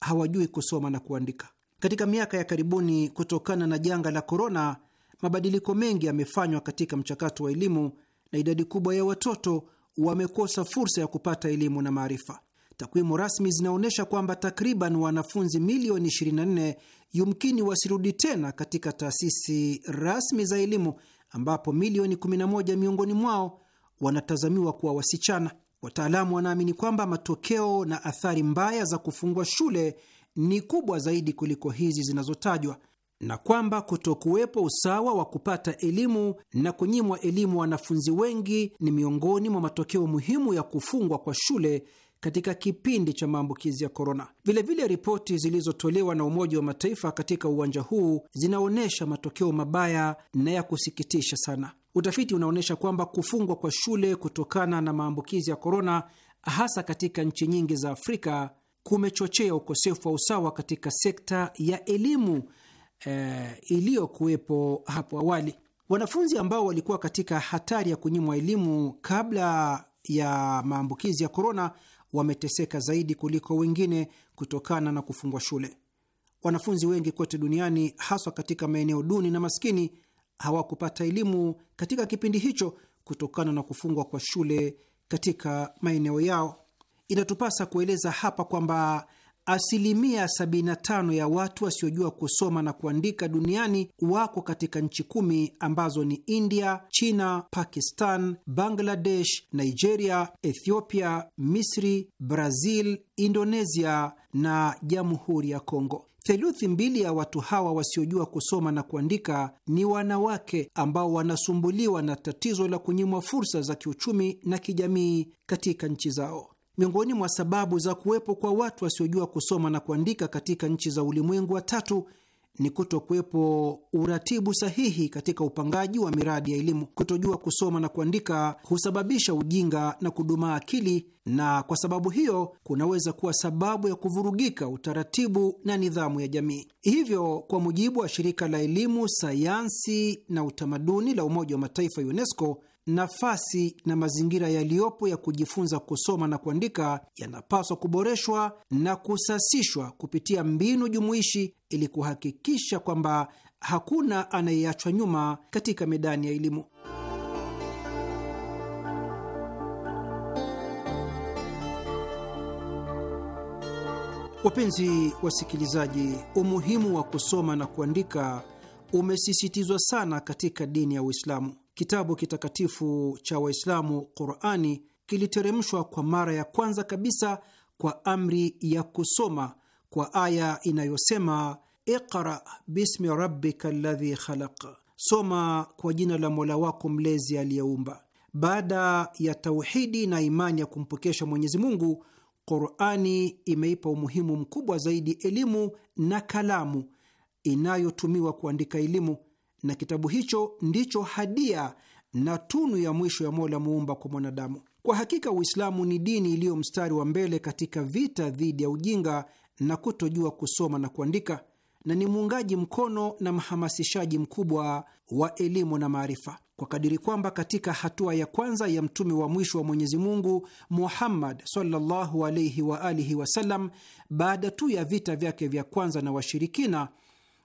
hawajui kusoma na kuandika. Katika miaka ya karibuni, kutokana na janga la korona, mabadiliko mengi yamefanywa katika mchakato wa elimu na idadi kubwa ya watoto wamekosa fursa ya kupata elimu na maarifa. Takwimu rasmi zinaonyesha kwamba takriban wanafunzi milioni 24 yumkini wasirudi tena katika taasisi rasmi za elimu, ambapo milioni 11 miongoni mwao wanatazamiwa kuwa wasichana. Wataalamu wanaamini kwamba matokeo na athari mbaya za kufungwa shule ni kubwa zaidi kuliko hizi zinazotajwa na kwamba kutokuwepo usawa wa kupata elimu na kunyimwa elimu wanafunzi wengi ni miongoni mwa matokeo muhimu ya kufungwa kwa shule katika kipindi cha maambukizi ya korona. Vilevile, ripoti zilizotolewa na Umoja wa Mataifa katika uwanja huu zinaonyesha matokeo mabaya na ya kusikitisha sana. Utafiti unaonyesha kwamba kufungwa kwa shule kutokana na maambukizi ya korona, hasa katika nchi nyingi za Afrika, kumechochea ukosefu wa usawa katika sekta ya elimu eh, iliyokuwepo hapo awali. Wanafunzi ambao walikuwa katika hatari ya kunyimwa elimu kabla ya maambukizi ya korona wameteseka zaidi kuliko wengine kutokana na kufungwa shule. Wanafunzi wengi kote duniani, haswa katika maeneo duni na maskini, hawakupata elimu katika kipindi hicho kutokana na kufungwa kwa shule katika maeneo yao. Inatupasa kueleza hapa kwamba Asilimia 75 ya watu wasiojua kusoma na kuandika duniani wako katika nchi kumi ambazo ni India, China, Pakistan, Bangladesh, Nigeria, Ethiopia, Misri, Brazil, Indonesia na Jamhuri ya Kongo. Theluthi mbili ya watu hawa wasiojua kusoma na kuandika ni wanawake ambao wanasumbuliwa na tatizo la kunyimwa fursa za kiuchumi na kijamii katika nchi zao. Miongoni mwa sababu za kuwepo kwa watu wasiojua kusoma na kuandika katika nchi za ulimwengu wa tatu ni kutokuwepo uratibu sahihi katika upangaji wa miradi ya elimu. Kutojua kusoma na kuandika husababisha ujinga na kudumaa akili, na kwa sababu hiyo kunaweza kuwa sababu ya kuvurugika utaratibu na nidhamu ya jamii. Hivyo, kwa mujibu wa shirika la elimu, sayansi na utamaduni la Umoja wa Mataifa, UNESCO, nafasi na mazingira yaliyopo ya kujifunza kusoma na kuandika yanapaswa kuboreshwa na kusasishwa kupitia mbinu jumuishi ili kuhakikisha kwamba hakuna anayeachwa nyuma katika medani ya elimu. Wapenzi wasikilizaji, umuhimu wa kusoma na kuandika umesisitizwa sana katika dini ya Uislamu. Kitabu kitakatifu cha Waislamu, Qurani, kiliteremshwa kwa mara ya kwanza kabisa kwa amri ya kusoma kwa aya inayosema iqra bismi rabbika ladhi khalaq, soma kwa jina la mola wako mlezi aliyeumba. Baada ya tauhidi na imani ya kumpokesha Mwenyezi Mungu, Qurani imeipa umuhimu mkubwa zaidi elimu na kalamu inayotumiwa kuandika elimu na kitabu hicho ndicho hadia na tunu ya mwisho ya Mola muumba kwa mwanadamu. Kwa hakika Uislamu ni dini iliyo mstari wa mbele katika vita dhidi ya ujinga na kutojua kusoma na kuandika, na ni muungaji mkono na mhamasishaji mkubwa wa elimu na maarifa, kwa kadiri kwamba katika hatua ya kwanza ya mtume wa mwisho wa Mwenyezi Mungu Muhammad sallallahu alaihi wa alihi wasallam, baada tu ya vita vyake vya kwanza na washirikina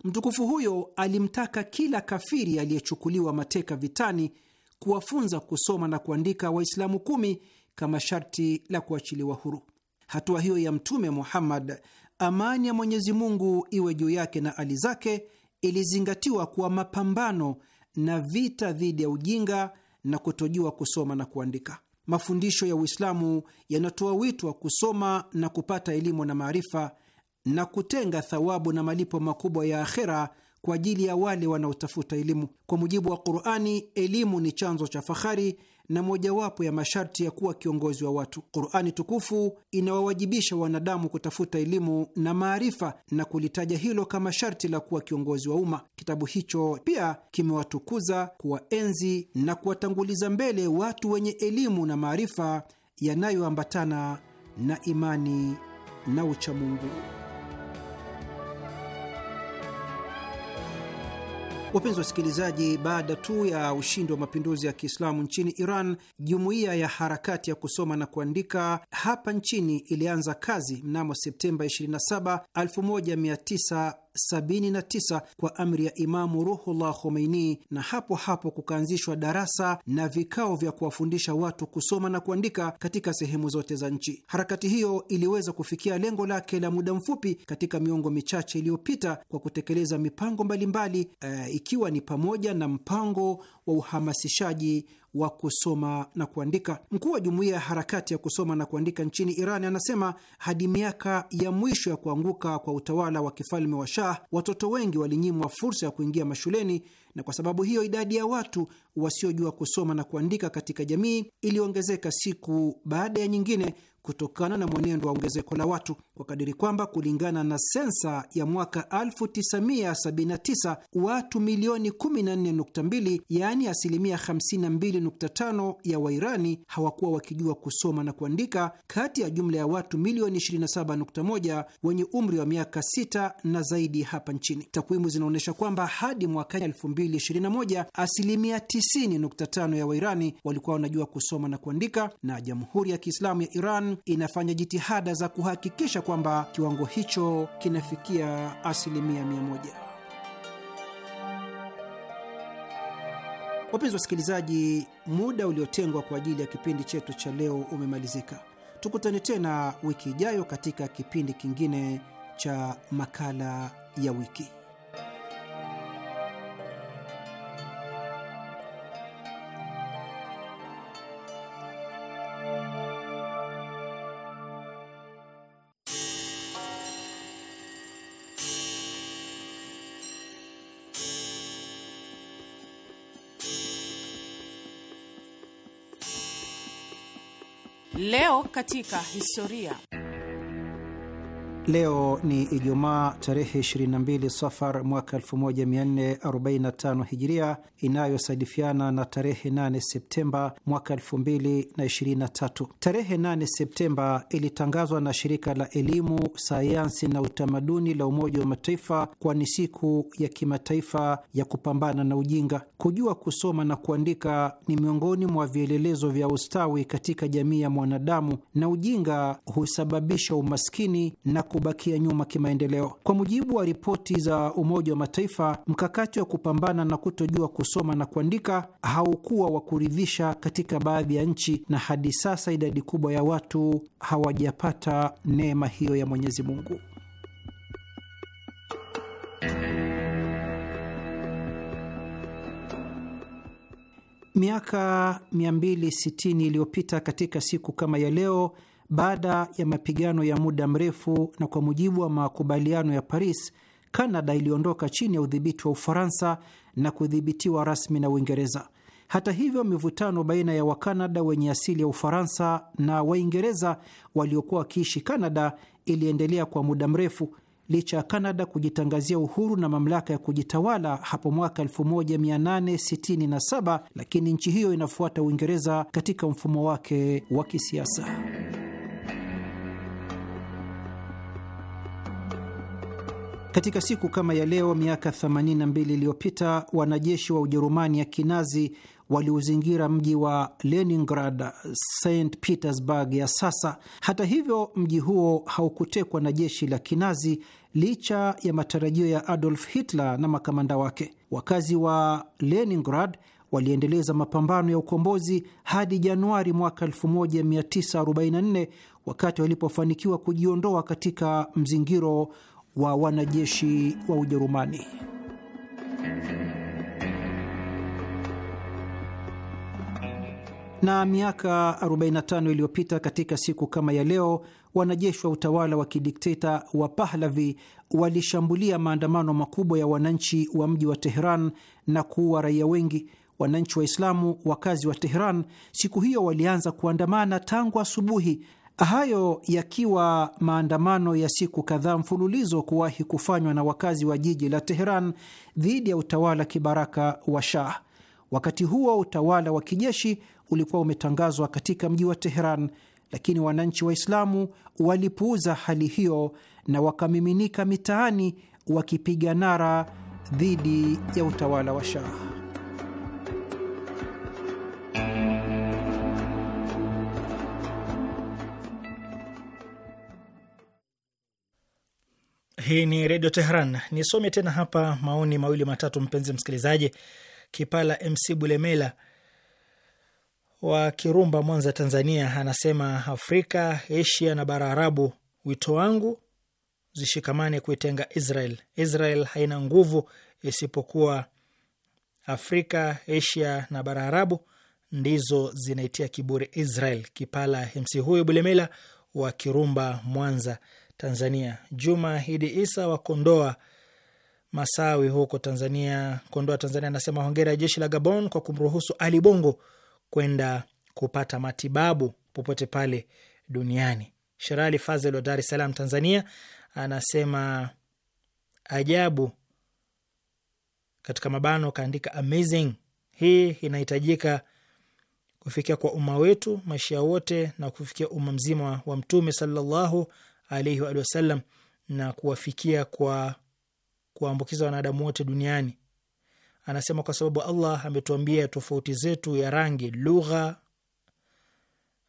Mtukufu huyo alimtaka kila kafiri aliyechukuliwa mateka vitani kuwafunza kusoma na kuandika Waislamu kumi kama sharti la kuachiliwa huru. Hatua hiyo ya Mtume Muhammad, amani ya Mwenyezi Mungu iwe juu yake na ali zake, ilizingatiwa kuwa mapambano na vita dhidi ya ujinga na kutojua kusoma na kuandika. Mafundisho ya Uislamu yanatoa wito wa kusoma na kupata elimu na maarifa na kutenga thawabu na malipo makubwa ya akhera kwa ajili ya wale wanaotafuta elimu. Kwa mujibu wa Qurani, elimu ni chanzo cha fahari na mojawapo ya masharti ya kuwa kiongozi wa watu. Qurani tukufu inawawajibisha wanadamu kutafuta elimu na maarifa na kulitaja hilo kama sharti la kuwa kiongozi wa umma. Kitabu hicho pia kimewatukuza, kuwaenzi na kuwatanguliza mbele watu wenye elimu na maarifa yanayoambatana na imani na uchamungu. Wapenzi wasikilizaji, baada tu ya ushindi wa mapinduzi ya Kiislamu nchini Iran, jumuiya ya harakati ya kusoma na kuandika hapa nchini ilianza kazi mnamo Septemba 27, 79 kwa amri ya Imamu Ruhullah Khomeini, na hapo hapo kukaanzishwa darasa na vikao vya kuwafundisha watu kusoma na kuandika katika sehemu zote za nchi. Harakati hiyo iliweza kufikia lengo lake la muda mfupi katika miongo michache iliyopita kwa kutekeleza mipango mbalimbali mbali, eh, e, ikiwa ni pamoja na mpango wa uhamasishaji wa kusoma na kuandika. Mkuu wa jumuiya ya harakati ya kusoma na kuandika nchini Iran anasema hadi miaka ya mwisho ya kuanguka kwa utawala wa kifalme wa Shah, watoto wengi walinyimwa fursa ya kuingia mashuleni, na kwa sababu hiyo idadi ya watu wasiojua kusoma na kuandika katika jamii iliongezeka siku baada ya nyingine kutokana na mwenendo wa ongezeko la watu kwa kadiri kwamba kulingana na sensa ya mwaka 1979 watu milioni 14.2 yaani asilimia 52.5 ya Wairani hawakuwa wakijua kusoma na kuandika kati ya jumla ya watu milioni 27.1 wenye umri wa miaka 6 na zaidi hapa nchini. Takwimu zinaonyesha kwamba hadi mwaka 2021 asilimia 90.5 ya Wairani walikuwa wanajua kusoma na kuandika na Jamhuri ya Kiislamu ya Iran inafanya jitihada za kuhakikisha kwamba kiwango hicho kinafikia asilimia mia moja. Wapenzi wasikilizaji, muda uliotengwa kwa ajili ya kipindi chetu cha leo umemalizika. Tukutane tena wiki ijayo katika kipindi kingine cha makala ya wiki.
katika historia.
Leo ni Ijumaa tarehe 22 Safar mwaka 1445 Hijiria, inayosadifiana na tarehe 8 Septemba mwaka 2023. Tarehe 8 Septemba ilitangazwa na shirika la elimu, sayansi na utamaduni la Umoja wa Mataifa kwa ni siku ya kimataifa ya kupambana na ujinga. Kujua kusoma na kuandika ni miongoni mwa vielelezo vya ustawi katika jamii ya mwanadamu, na ujinga husababisha umaskini na ku kubakia nyuma kimaendeleo. Kwa mujibu wa ripoti za Umoja wa Mataifa, mkakati wa kupambana na kutojua kusoma na kuandika haukuwa wa kuridhisha katika baadhi ya nchi, na hadi sasa idadi kubwa ya watu hawajapata neema hiyo ya Mwenyezi Mungu. Miaka 260 iliyopita katika siku kama ya leo baada ya mapigano ya muda mrefu na kwa mujibu wa makubaliano ya Paris, Kanada iliondoka chini ya udhibiti wa Ufaransa na kudhibitiwa rasmi na Uingereza. Hata hivyo, mivutano baina ya Wakanada wenye asili ya Ufaransa na Waingereza waliokuwa wakiishi Kanada iliendelea kwa muda mrefu licha ya Kanada kujitangazia uhuru na mamlaka ya kujitawala hapo mwaka 1867, lakini nchi hiyo inafuata Uingereza katika mfumo wake wa kisiasa. Katika siku kama ya leo miaka 82 iliyopita wanajeshi wa Ujerumani ya kinazi waliuzingira mji wa Leningrad, St Petersburg ya sasa. Hata hivyo, mji huo haukutekwa na jeshi la kinazi licha ya matarajio ya Adolf Hitler na makamanda wake. Wakazi wa Leningrad waliendeleza mapambano ya ukombozi hadi Januari mwaka 1944 wakati walipofanikiwa kujiondoa katika mzingiro wa wanajeshi wa Ujerumani. Na miaka 45 iliyopita katika siku kama ya leo, wanajeshi wa utawala wa kidikteta wa Pahlavi walishambulia maandamano makubwa ya wananchi wa mji wa Teheran na kuua raia wengi. Wananchi Waislamu wakazi wa Teheran siku hiyo walianza kuandamana tangu asubuhi Hayo yakiwa maandamano ya siku kadhaa mfululizo kuwahi kufanywa na wakazi wa jiji la Teheran dhidi ya utawala kibaraka wa Shah. Wakati huo utawala wa kijeshi ulikuwa umetangazwa katika mji wa Teheran, lakini wananchi Waislamu walipuuza hali hiyo na wakamiminika mitaani wakipiga nara dhidi ya utawala wa Shah.
Hii ni Redio Tehran. Nisome tena hapa maoni mawili matatu, mpenzi msikilizaji. Kipala MC Bulemela wa Kirumba, Mwanza, Tanzania, anasema Afrika, Asia na bara Arabu, wito wangu zishikamane kuitenga Israel. Israel haina nguvu isipokuwa Afrika, Asia na bara Arabu ndizo zinaitia kiburi Israel. Kipala MC huyo Bulemela wa Kirumba, Mwanza, Tanzania. Juma Hidi Isa wa Kondoa Masawi huko Tanzania, Kondoa Tanzania, anasema hongera ya jeshi la Gabon kwa kumruhusu Ali Bongo kwenda kupata matibabu popote pale duniani. Sherali Fazel wa Dar es Salaam, Tanzania, anasema ajabu, katika mabano kaandika amazing. Hii inahitajika kufikia kwa umma wetu, maisha wote na kufikia umma mzima wa Mtume sallallahu alaihi waalihi wasallam na kuwafikia kwa kuambukiza wanadamu wote duniani. Anasema kwa sababu Allah ametuambia tofauti zetu ya rangi, lugha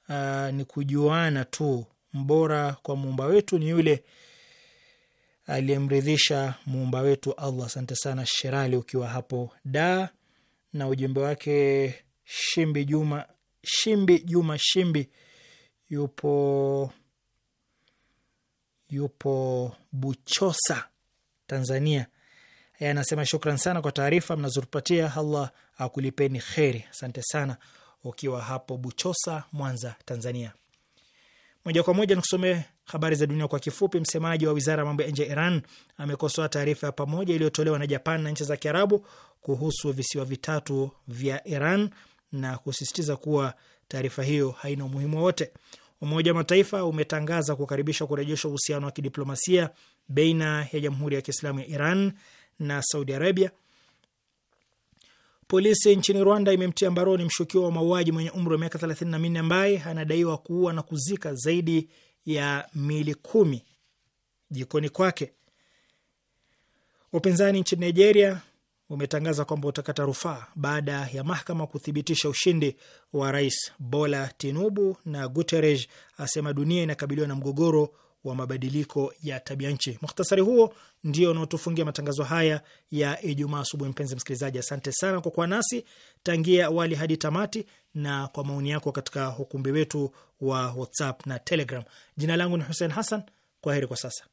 uh, ni kujuana tu. Mbora kwa muumba wetu ni yule aliyemridhisha muumba wetu Allah. Asante sana Sherali, ukiwa hapo da na ujumbe wake Shimbi Juma, Shimbi Juma Shimbi yupo yupo Buchosa, Tanzania. E, anasema shukran sana kwa taarifa mnazotupatia, Allah akulipeni kheri. Asante sana ukiwa hapo Buchosa, Mwanza, Tanzania. Moja kwa moja nikusomee habari za dunia kwa kifupi. Msemaji wa wizara ya mambo ya nje ya Iran amekosoa taarifa ya pamoja iliyotolewa na Japan na nchi za Kiarabu kuhusu visiwa vitatu vya Iran na kusisitiza kuwa taarifa hiyo haina umuhimu wowote. Umoja wa Mataifa umetangaza kukaribisha kurejesha uhusiano wa kidiplomasia baina ya Jamhuri ya Kiislamu ya Iran na Saudi Arabia. Polisi nchini Rwanda imemtia mbaroni mshukiwa wa mauaji mwenye umri wa miaka 34 ambaye anadaiwa kuua na kuzika zaidi ya mili kumi jikoni kwake. Upinzani nchini Nigeria umetangaza kwamba utakata rufaa baada ya mahakama kuthibitisha ushindi wa rais Bola Tinubu, na Guterres asema dunia inakabiliwa na mgogoro wa mabadiliko ya tabia nchi. Mukhtasari huo ndio unaotufungia matangazo haya ya Ijumaa asubuhi. Mpenzi msikilizaji, asante sana kwa kuwa nasi tangia awali hadi tamati na kwa maoni yako katika ukumbi wetu wa WhatsApp na Telegram. Jina langu ni Hussein Hassan. Kwa heri kwa sasa.